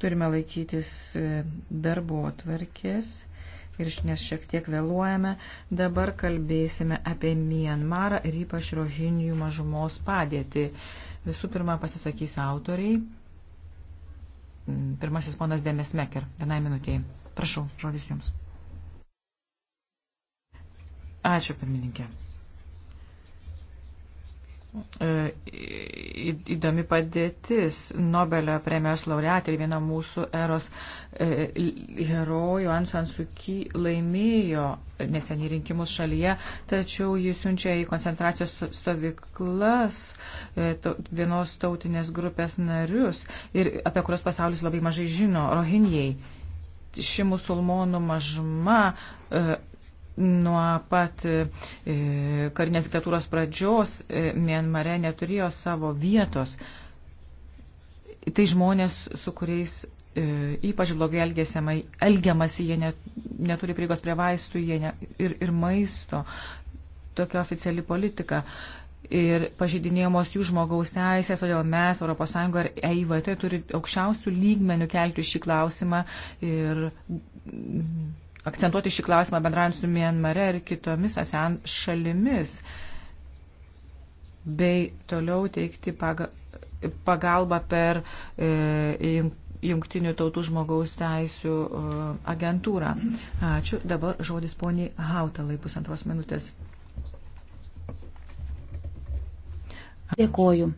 Turime laikytis e, darbo atvarkės ir nes šiek tiek vėluojame. Dabar kalbėsime apie Mianmarą ir ypač rohinijų mažumos padėtį. Visų pirma pasisakys autoriai. Mm, pirmasis ponas Demis Meker. Vienai minutėjai. Prašau, žodis jums. Ačiū, pirmininkė. E, įdomi padėtis. Nobelio premijos laureatė ir viena mūsų eros e, herojų Ansan Suki laimėjo neseniai rinkimus šalyje, tačiau jį siunčia į koncentracijos stovyklas e, vienos tautinės grupės narius, ir, apie kurios pasaulis labai mažai žino, rohinijai. Ši musulmonų mažuma nuo pat e, karinės diktatūros pradžios e, Mienmare neturėjo savo vietos. Tai žmonės, su kuriais e, ypač blogai elgiamasi, jie net, neturi prieigos prie vaistų ne, ir, ir maisto. Tokia oficiali politika. Ir pažydinėjamos jų žmogaus teisės, todėl mes, ES ir EIVT, turi aukščiausių lygmenių kelti šį klausimą ir akcentuoti šį klausimą bendraujant su Mienmare ir kitomis ASEAN šalimis bei toliau teikti pagalbą per e, Jungtinių tautų žmogaus teisų e, agentūrą. Ačiū. Dabar žodis poniai Hautalai pusantros minutės. Dėkoju.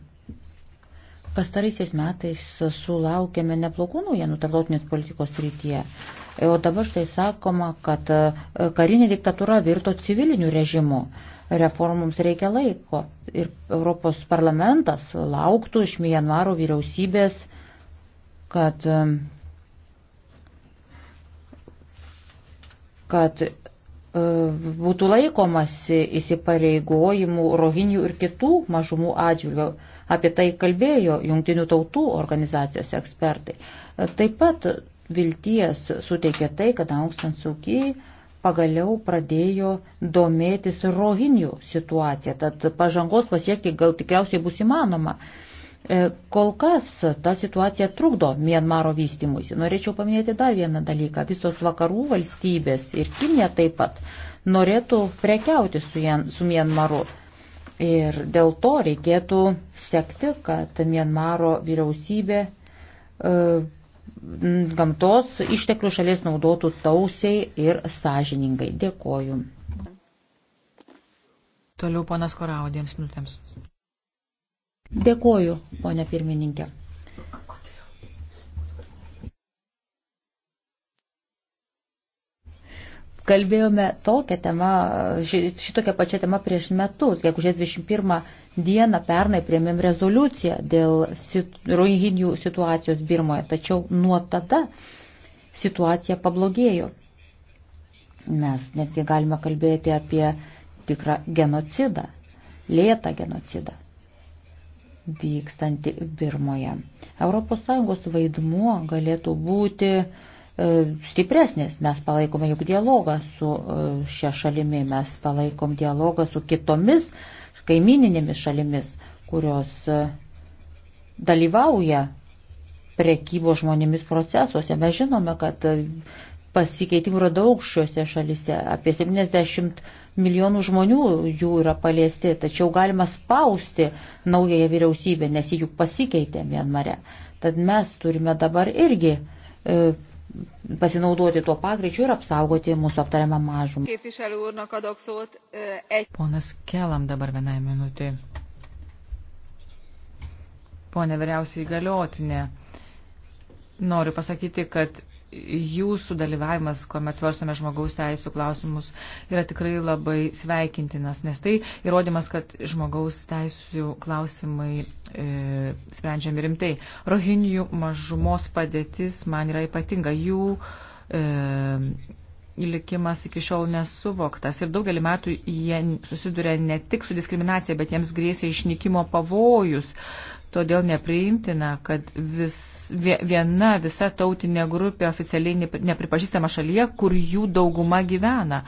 Pastaraisiais metais sulaukėme neblogų naujienų tarptautinės politikos rytyje. O dabar štai sakoma, kad e, karinė diktatūra virto civiliniu režimu. Reformoms reikia laiko. Ir Europos parlamentas lauktų iš Mijanmaro vyriausybės, kad e, kad E, būtų laikomasi įsipareigojimų rohinių ir kitų mažumų atžvilgių. Apie tai kalbėjo jungtinių tautų organizacijos ekspertai. E, taip pat vilties suteikė tai, kad Aung San Suu Kyi pagaliau pradėjo domėtis rohinių situacija, tad pažangos pasiekti gal tikriausiai bus įmanoma. Uh, E, kol kas ta situacija trukdo Mienmaro vystimuisi. Norėčiau paminėti dar vieną dalyką. Visos vakarų valstybės ir Kinė taip pat norėtų prekiauti su, jen, su Mienmaru. Ir dėl to reikėtų sekti, kad Mienmaro vyriausybė e, gamtos išteklių šalies naudotų tausiai ir sąžiningai. Dėkoju. Toliau ponas Koraudėms minutėms. Dėkoju, ponė pirmininkė. Kalbėjome tokią temą, šitokią pačią temą prieš metus, gegužės 21 dieną pernai priemėm rezoliuciją dėl sit, rohinių situacijos Birmoje, tačiau nuo tada situacija pablogėjo. Mes netgi galime kalbėti apie tikrą genocidą, lėtą genocidą vykstanti Birmoje. ES vaidmuo galėtų būti e, stipresnis. Mes palaikome juk dialogą su e, šia šalimi, mes palaikom dialogą su kitomis kaimininėmis šalimis, kurios e, dalyvauja prekybo žmonėmis procesuose. Mes žinome, kad pasikeitimų yra daug šiuose šalise. Apie 70 milijonų žmonių jų yra paliesti, tačiau galima spausti naująją vyriausybę, nes jį juk pasikeitė Mianmare. Tad mes turime dabar irgi e, pasinaudoti tuo pagreičiu ir apsaugoti mūsų aptariamą mažumą. E, Ponas Kelam dabar vienai minutį. Pone vyriausiai galiotinė, noriu pasakyti, kad jūsų dalyvavimas, kuomet svarstome žmogaus teisų klausimus, yra tikrai labai sveikintinas, nes tai įrodymas, kad žmogaus teisų klausimai e, sprendžiami rimtai. Rohinijų mažumos padėtis man yra ypatinga. Jų e, likimas iki šiol nesuvoktas ir daugelį metų jie susiduria ne tik su diskriminacija, bet jiems grėsia išnykimo pavojus. Todėl nepriimtina, kad vis, viena visa tautinė grupė oficialiai nepripažįstama šalyje, kur jų dauguma gyvena.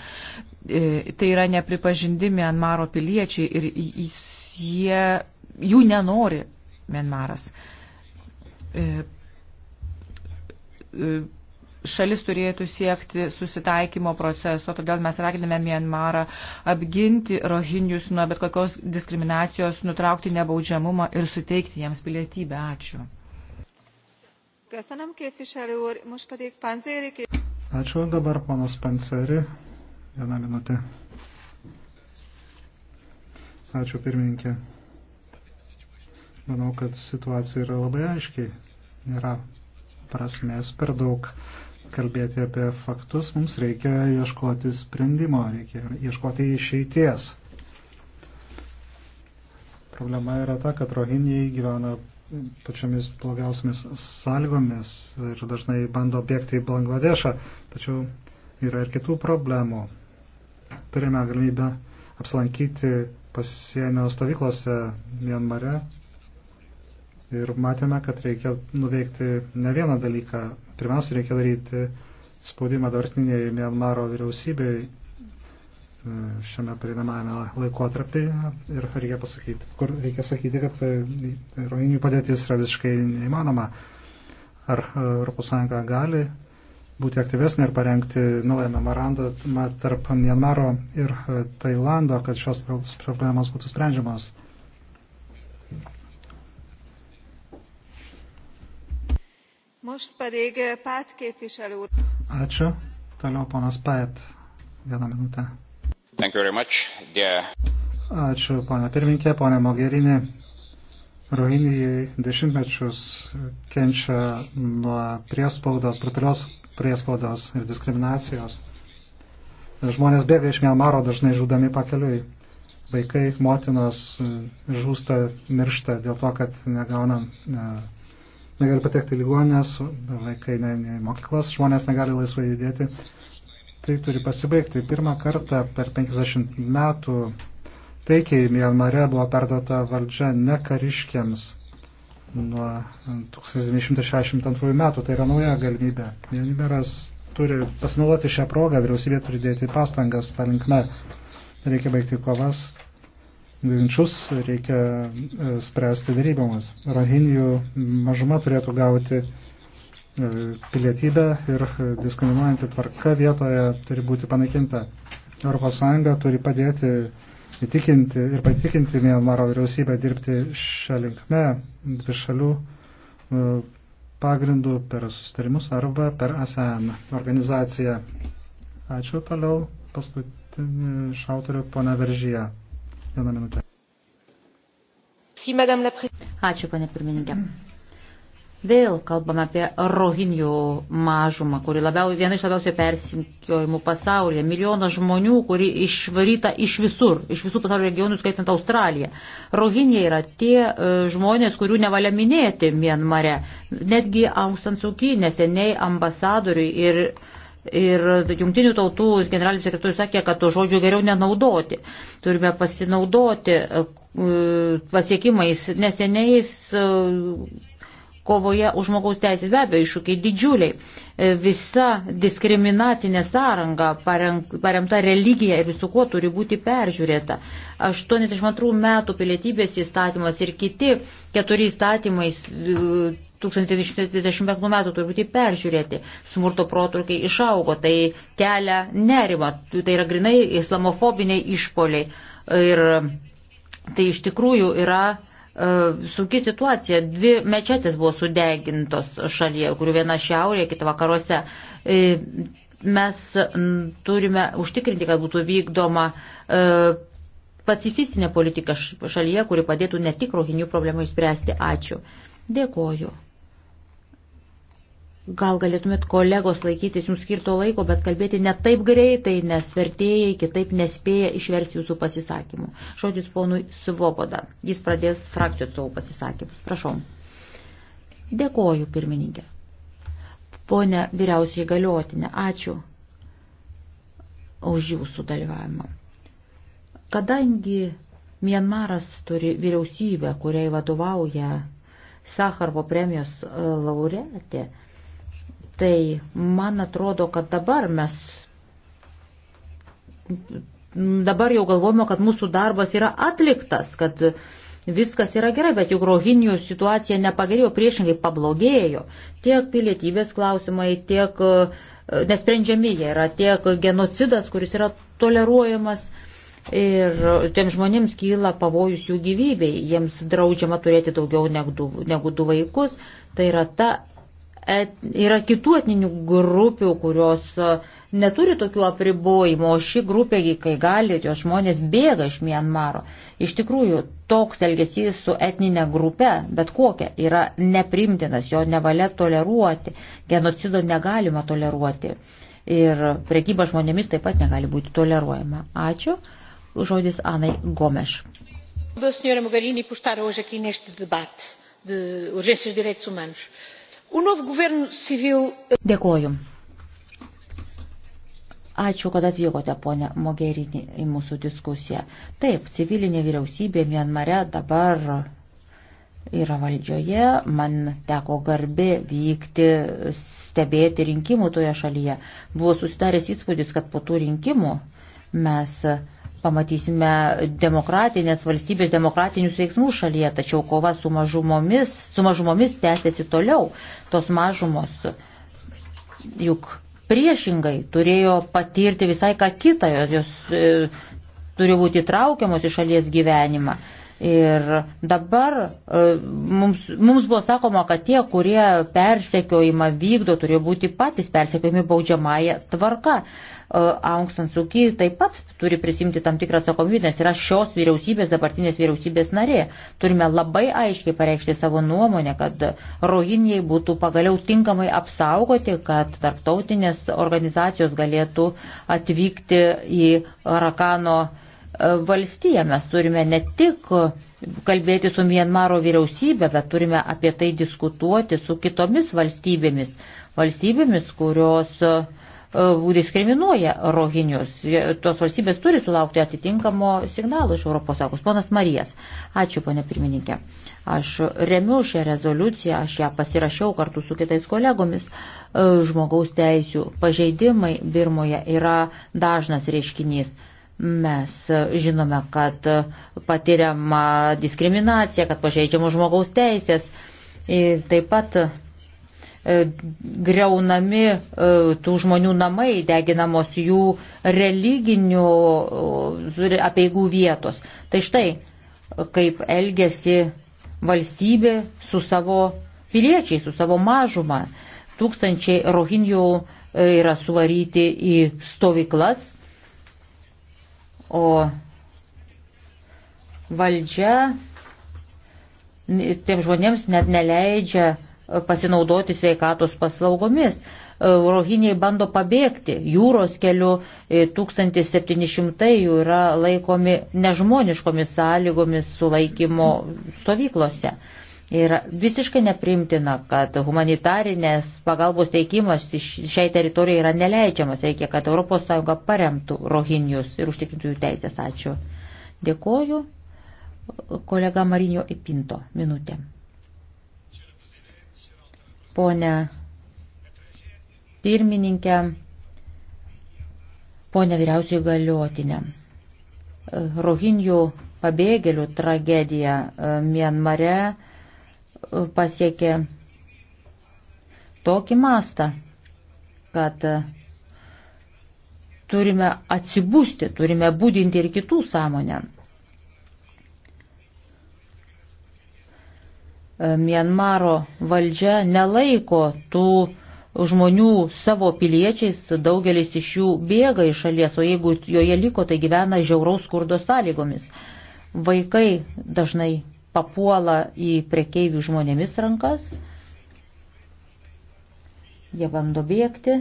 E, tai yra nepripažindi Mianmaro piliečiai ir jie, jų nenori Mianmaras e, e, šalis turėtų siekti susitaikymo proceso, todėl mes raginame Mienmarą apginti rohinius nuo bet kokios diskriminacijos, nutraukti nebaudžiamumą ir suteikti jiems pilietybę. Ačiū. Ačiū dabar, ponas Panseri. Vieną minutę. Ačiū pirmininkė. Manau, kad situacija yra labai aiškiai. Yra prasmės per daug kalbėti apie faktus, mums reikia ieškoti sprendimo, reikia ieškoti išeities. Problema yra ta, kad rohinijai gyvena pačiamis blogiausiamis sąlygomis ir dažnai bando bėgti į Bangladešą, tačiau yra ir kitų problemų. Turime galimybę apsilankyti pasienio stovyklose Mianmare, Ir matėme, kad reikia nuveikti ne vieną dalyką. Pirmiausia, reikia daryti spaudimą dabartiniai Mianmaro vyriausybei e, šiame prieinamajame laikotarpyje ir reikia pasakyti, kur reikia sakyti, kad e, rojinių padėtis yra visiškai neįmanoma. Ar ES gali būti aktyvesnė ir parengti naują memorandumą tarp Mianmaro ir e, Tailando, kad šios problemos būtų sprendžiamas? Eh, Ačiū. Toliau ponas Paet. Vieną minutę. Yeah. Ačiū, ponia pirminkė, ponia Mogherini. Rohinijai dešimtmečius kenčia nuo priespaudos, brutalios priespaudos ir diskriminacijos. Žmonės bėga iš Mielmaro, dažnai žudami pakeliui. Vaikai, motinos žūsta, miršta dėl to, kad negauna. Uh, negali patekti ligonės, vaikai ne, ne mokyklas, žmonės negali laisvai judėti. Tai turi pasibaigti. Pirmą kartą per 50 metų taikiai Mianmare buvo perduota valdžia ne kariškiams nuo 1962 metų. Tai yra nauja galimybė. Mianmaras turi pasinaudoti šią progą, vyriausybė turi dėti pastangas tą linkme. Reikia baigti kovas, ginčius reikia e, spręsti darybamas. Rohinijų mažuma turėtų gauti e, pilietybę ir e, diskriminuojanti tvarka vietoje turi būti panaikinta. ES turi padėti įtikinti ir patikinti Mianmaro vyriausybę dirbti šią linkme dvišalių pagrindų per sustarimus arba per ASEAN organizaciją. Ačiū toliau paskutinį šautorių pana Veržyje. Vieną minutę. Ačiū, panė pirmininkė. Vėl kalbam apie rohinių mažumą, kuri labiau, viena iš labiausiai persinkiojimų pasaulyje. Milijonas žmonių, kuri išvaryta iš visur, iš visų pasaulio regionų, skaitant Australiją. Rohinė yra tie e, žmonės, kurių nevalia minėti Mienmare. Netgi Aung San Suu Kyi neseniai ambasadoriui ir uh, Ir jungtinių tautų generalinis sekretorius sakė, kad to žodžio geriau nenaudoti. Turime pasinaudoti e, pasiekimais neseniais e, kovoje už žmogaus teisės. Be abejo, iššūkiai didžiuliai. E, visa diskriminacinė sąranga paremta religija ir visų kuo turi būti peržiūrėta. 82 metų pilietybės įstatymas ir kiti keturi įstatymai 1935 metų turbūt jį peržiūrėti. Smurto protrukiai išaugo, tai kelia nerima, tai yra grinai islamofobiniai išpoliai. Ir tai iš tikrųjų yra uh, sunki situacija. Dvi mečetės buvo sudegintos šalyje, kurių viena šiaurėje, kita vakaruose. E, mes turime užtikrinti, kad būtų vykdoma uh, pacifistinė politika šalyje, kuri padėtų ne tik rohinių problemą išspręsti. Ačiū. Dėkoju. Gal galėtumėt kolegos laikytis jums skirto laiko, bet kalbėti ne taip greitai, nes vertėjai kitaip nespėja išversti jūsų pasisakymų. Šodis ponui Svoboda. Jis pradės frakcijų atstovų pasisakymus. Prašom. Dėkoju, pirmininkė. Pone vyriausiai galiotinė, ačiū už jūsų dalyvavimą. Kadangi Mienmaras turi vyriausybę, kuriai vadovauja Sakarvo premijos laureatė, tai man atrodo, kad dabar mes dabar jau galvojame, kad mūsų darbas yra atliktas, kad viskas yra gerai, bet juk rohinių situacija nepagerėjo, priešingai pablogėjo. Tiek pilietybės klausimai, tiek e, nesprendžiami jie yra, tiek genocidas, kuris yra toleruojamas. Ir tiem žmonėms kyla pavojus jų gyvybei, jiems draudžiama turėti daugiau negu du, negu du vaikus. Tai yra ta et, yra kitų etninių grupių, kurios e, neturi tokių apribojimų, o ši grupė, kai gali, jos žmonės bėga iš Mianmaro. Iš tikrųjų, toks elgesys su etninė grupė, bet kokia, yra neprimtinas, jo nevalia toleruoti, genocido negalima toleruoti. Ir priekyba žmonėmis taip pat negali būti toleruojama. Ačiū. Žodis Anai Gomeš. Da senhora Mogherini por estar hoje aqui neste debate de urgências de direitos humanos. Uh, Eh, Dėkoju. Ačiū, kad atvykote, ponė Mogerinį, į mūsų diskusiją. Taip, civilinė vyriausybė Mianmare dabar yra valdžioje. Man teko garbė vykti stebėti rinkimų toje šalyje. Buvo susidaręs įspūdis, kad po tų rinkimų mes pamatysime demokratinės valstybės demokratinius veiksmus šalyje, tačiau kova su mažumomis, su mažumomis tęsiasi toliau. Tos mažumos juk priešingai turėjo patirti visai ką kitą, jos e, turi būti traukiamos į šalies gyvenimą. Ir dabar e, mums, mums buvo sakoma, kad tie, kurie persekiojimą vykdo, turėjo būti patys persekiojami baudžiamąją tvarką. E, Aung San Suu Kyi taip pat turi prisimti tam tikrą atsakomybę, nes yra šios vyriausybės, dabartinės vyriausybės narė. Turime labai aiškiai pareikšti savo nuomonę, kad rohinijai būtų pagaliau tinkamai apsaugoti, kad tarptautinės organizacijos galėtų atvykti į Rakano valstiją. Mes turime ne tik kalbėti su Mienmaro vyriausybė, bet turime apie tai diskutuoti su kitomis valstybėmis. Valstybėmis, kurios e, diskriminuoja rohinius. Tos valstybės turi sulaukti atitinkamo signalo iš Europos Sąjungos. Ponas Marijas, ačiū, ponė pirmininkė. Aš remiu šią rezoliuciją, aš ją pasirašiau kartu su kitais kolegomis. E, žmogaus teisių pažeidimai Birmoje yra dažnas reiškinys Mes žinome, kad patiriama diskriminacija, kad pažeidžiamos žmogaus teisės ir taip pat e, greunami e, tų žmonių namai, deginamos jų religinių e, apieigų vietos. Tai štai, kaip elgesi valstybė su savo piliečiais, su savo mažuma. Tūkstančiai rohinijų yra suvaryti į stovyklas, O valdžia tiem žmonėms net neleidžia pasinaudoti sveikatos paslaugomis. E, Rohiniai bando pabėgti jūros keliu, 1700 e, jų yra laikomi nežmoniškomis sąlygomis sulaikymo stovyklose. Yra visiškai neprimtina, kad humanitarinės pagalbos teikimas šiai teritorijai yra neleidžiamas. Reikia, kad ES paremtų rohinius ir užtikrintų jų teisės. Ačiū. Dėkoju. Kolega Marinio Ipinto. Minutė. Pone pirmininkė, pone vyriausiai galiotinė. Rohinių pabėgėlių tragedija Mienmare pasiekė tokį mastą, kad turime atsibūsti, turime būdinti ir kitų sąmonę. Mienmaro valdžia nelaiko tų žmonių savo piliečiais, daugelis iš jų bėga iš šalies, o jeigu joje liko, tai gyvena žiauraus skurdo sąlygomis. Vaikai dažnai papuola į prekeivių žmonėmis rankas, jie bando bėgti.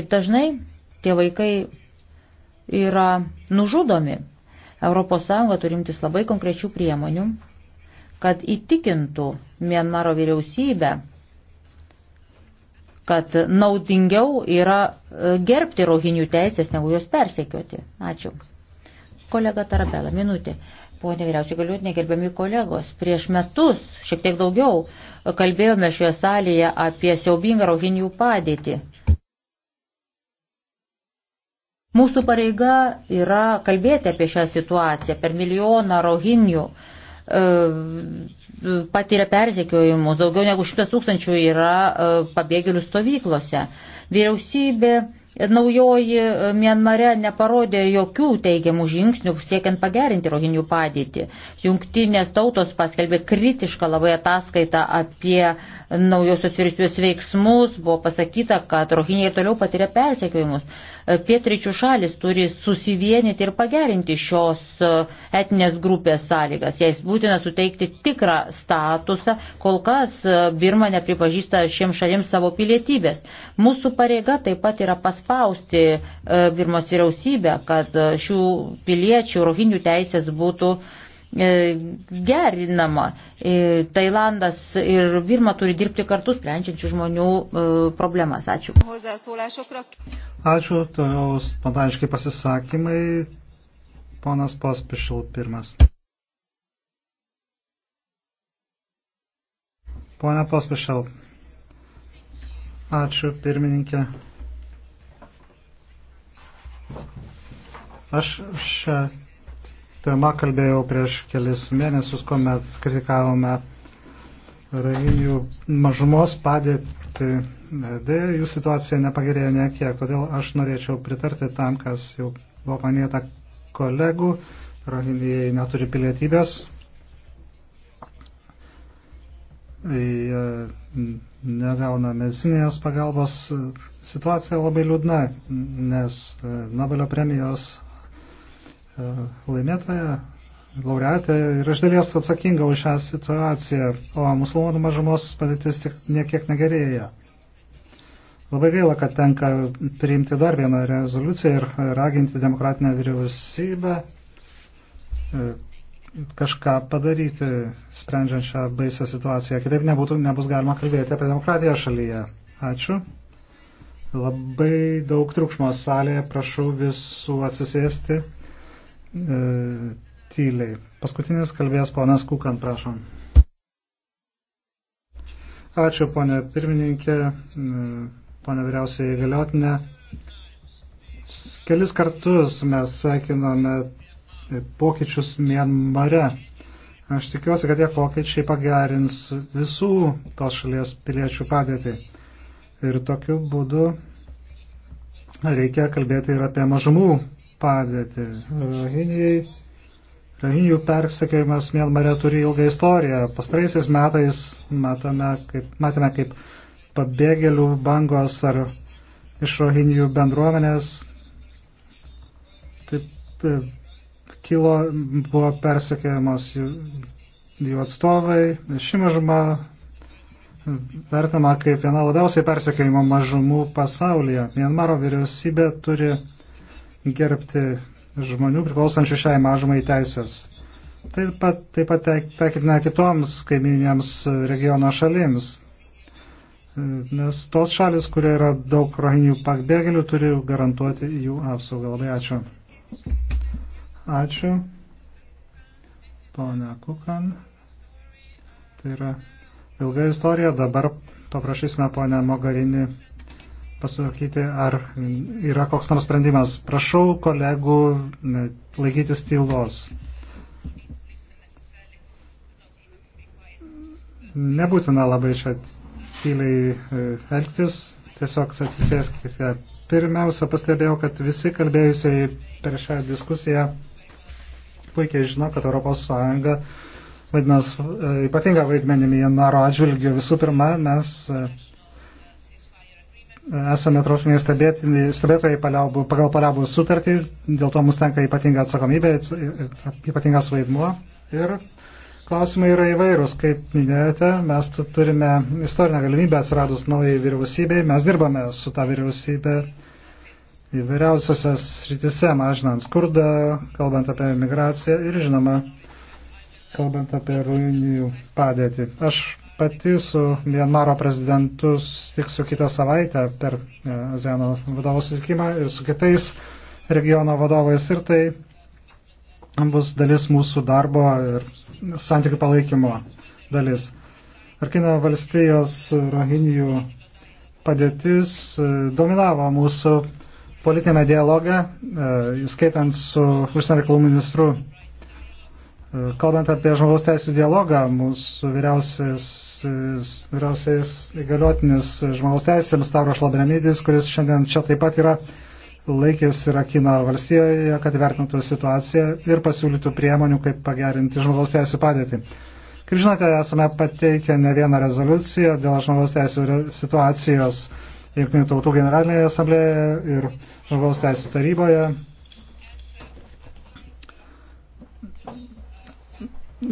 Ir dažnai tie vaikai yra nužudomi. ES turimtis labai konkrečių priemonių, kad įtikintų Mienmaro vyriausybę kad naudingiau yra e, gerbti rohinių teisės, negu juos persekioti. Ačiū. Kolega Tarabela, minutė. Pone vyriausiai galiuotinė, gerbiami kolegos, prieš metus, šiek tiek daugiau, kalbėjome šioje salėje apie siaubingą rohinių padėtį. Mūsų pareiga yra kalbėti apie šią situaciją. Per milijoną rohinių uh, E, patiria persekiojimus, daugiau negu šimtas tūkstančių yra e, pabėgėlių stovyklose. Vyriausybė Naujoji e, Mienmare neparodė jokių teigiamų žingsnių siekiant pagerinti rohinių padėtį. Jungtinės tautos paskelbė kritišką labai ataskaitą apie naujosios vyriausybės veiksmus. Buvo pasakyta, kad rohiniai ir toliau patiria persekiojimus. E, Pietričių šalis turi susivienyti ir pagerinti šios e, etinės grupės sąlygas. Jais būtina suteikti tikrą statusą. Kol kas Birma nepripažįsta šiems šalims savo pilietybės. Mūsų pareiga taip pat yra pasakyti spausti e, Birmos vyriausybę, kad e, šių piliečių rohinių teisės būtų e, gerinama. Tailandas ir Birma turi dirbti kartu sprendžiančių žmonių problemas. Ačiū. Ačiū, toliau spontaniškai pasisakymai. Ponas Pospišil pirmas. Pone Pospišil. Ačiū, pirmininkė. Aš šią temą kalbėjau prieš kelis mėnesius, kuomet kritikavome rajinių mažumos padėtį. Dėja, jų situacija nepagerėjo niekiek, todėl aš norėčiau pritarti tam, kas jau buvo panėta kolegų. Rohinijai neturi pilietybės, negauna medicinės pagalbos. Situacija labai liūdna, nes e, Nobelio premijos e, laimėtoja, laureatė yra iš dalies atsakinga už šią situaciją, o musulmonų mažumos padėtis tik niekiek negerėja. Labai gaila, kad tenka priimti dar vieną rezoliuciją ir raginti demokratinę vyriausybę e, kažką padaryti, sprendžiant šią baisę situaciją. Kitaip nebūtų, nebus galima kalbėti apie demokratiją šalyje. Ačiū. Labai daug triukšmo salėje, prašau visų atsisėsti e, tyliai. Paskutinis kalbės ponas Kūkant, prašom. Ačiū, ponė pirmininkė, e, ponė vyriausiai galiotinė. Kelis kartus mes sveikinome pokyčius Mienmare. Aš tikiuosi, kad tie pokyčiai pagerins visų tos šalies piliečių padėtį. Ir tokiu būdu reikia kalbėti ir apie mažumų padėtį. Rohinijai, rohinijų persekiojimas Mienmare turi ilgą istoriją. Pastaraisiais metais matome, kaip, matėme, kaip pabėgėlių bangos ar iš rohinijų bendruomenės taip kilo, buvo persekėjamos jų, jų atstovai. Ši mažuma vertama kaip viena labiausiai persekėjimo mažumų pasaulyje. Mienmaro vyriausybė turi gerbti žmonių priklausančių šiai mažumai teisės. Taip pat, taip pat taikytina kitoms kaiminėms regiono šalims. Nes tos šalis, kurie yra daug rohinių pabėgėlių, turi garantuoti jų apsaugą. Labai ačiū. Ačiū. Pone Kukan. Tai yra ilga istorija. Dabar paprašysime ponę Mogarinį pasakyti, ar yra koks nors sprendimas. Prašau kolegų laikytis tylos. Nebūtina labai čia tyliai e, elgtis, tiesiog atsisėskite. Pirmiausia, pastebėjau, kad visi kalbėjusiai per šią diskusiją puikiai žino, kad ES vadinas e, ypatingą vaidmenį Mienaro atžvilgių. Visų pirma, mes e, esame trofiniai stebėtojai paliaubų, pagal paliaubų sutartį, dėl to mums tenka ypatinga atsakomybė, ypatingas vaidmuo. Ir klausimai yra įvairūs, kaip minėjote, mes turime istorinę galimybę atsiradus naujai vyriausybei, mes dirbame su tą vyriausybę įvairiausiose sritise, mažinant skurdą, kalbant apie migraciją ir, žinoma, kalbant apie ruinijų padėtį. Aš pati su Mianmaro prezidentu susitiksiu kitą savaitę per e, ASEANO vadovų susitikimą ir su kitais regiono vadovais ir tai bus dalis mūsų darbo ir santykių palaikymo dalis. Arkino valstijos rohinijų padėtis e, dominavo mūsų politinėme dialoge, e, skaitant su užsienio reikalų ministru, e, kalbant apie žmogaus teisų dialogą, mūsų vyriausiais įgaliotinis žmogaus teisėms Tauros Labramidis, kuris šiandien čia taip pat yra, laikės Irakino valstijoje, kad vertintų situaciją ir pasiūlytų priemonių, kaip pagerinti žmogaus teisų padėtį. Kaip žinote, esame pateikę ne vieną rezoliuciją dėl žmogaus teisų situacijos Junktinių tautų generalinėje asamblėje ir žmogaus teisų taryboje.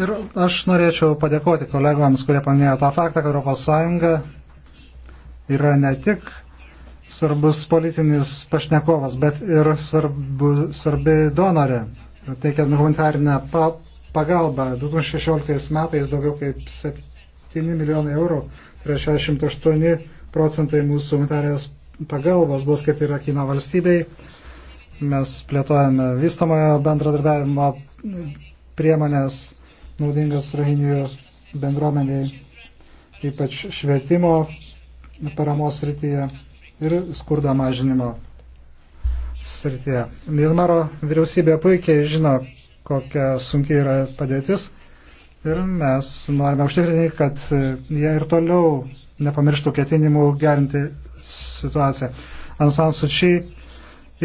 Ir aš norėčiau padėkoti kolegoms, kurie paminėjo tą faktą, kad ES yra ne tik svarbus politinis pašnekovas, bet ir svarbu, svarbi donorė, teikiant humanitarinę pa, pagalbą. 2016 metais daugiau kaip 7 milijonai eurų, tai yra 68 procentai mūsų humanitarės pagalbos bus kaip ir Akino valstybei. Mes plėtojame vystamojo bendradarbiavimo priemonės naudingas rahinių bendruomeniai, ypač švietimo paramos srityje ir skurdo mažinimo srityje. Milmaro vyriausybė puikiai žino, kokia sunkiai yra padėtis Ir mes norime užtikrinti, kad jie ir toliau nepamirštų ketinimų gerinti situaciją. Ansan Suči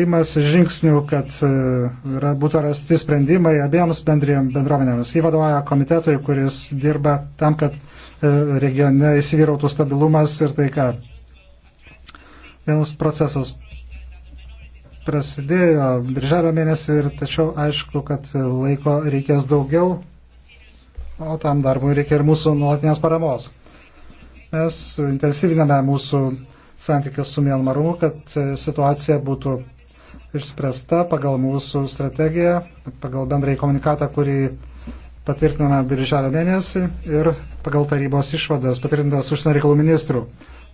imasi žingsnių, kad yra, e, būtų rasti sprendimai abiems bendriem bendruomenėms. Jį vadovauja komitetui, kuris dirba tam, kad e, regione įsivyrautų stabilumas ir taika. Vienas procesas prasidėjo birželio mėnesį ir tačiau aišku, kad laiko reikės daugiau o tam darbui reikia ir mūsų nuolatinės paramos. Mes intensyviname mūsų santykius su Mienmaru, kad e, situacija būtų išspręsta pagal mūsų strategiją, pagal bendrąjį komunikatą, kurį patvirtiname birželio mėnesį ir pagal tarybos išvadas patvirtintas užsienio reikalų ministrų.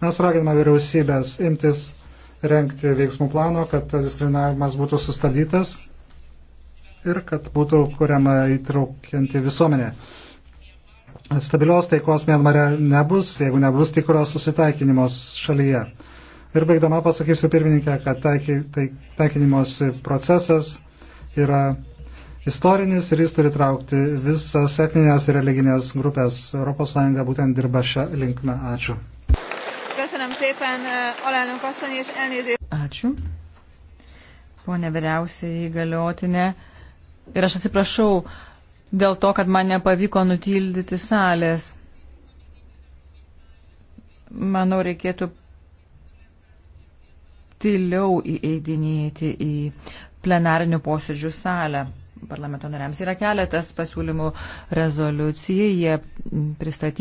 Mes raginame vyriausybės imtis renkti veiksmų plano, kad diskriminavimas būtų sustabdytas ir kad būtų kuriama įtraukianti visuomenė stabilios taikos Mianmare nebus, jeigu nebus tikros susitaikinimas šalyje. Ir baigdama pasakysiu pirmininkę, kad taiki, taik, taikinimos procesas yra istorinis ir jis turi traukti visas etninės ir religinės grupės. ES būtent dirba šią linkmę. Ačiū. Eh, Ačiū. Pone vyriausiai įgaliotinė. Ir aš atsiprašau, dėl to, kad man nepavyko nutildyti salės. Manau, reikėtų tyliau įeidinėti į plenarinių posėdžių salę parlamento nariams. Yra keletas pasiūlymų rezoliucijai, jie pristatyti.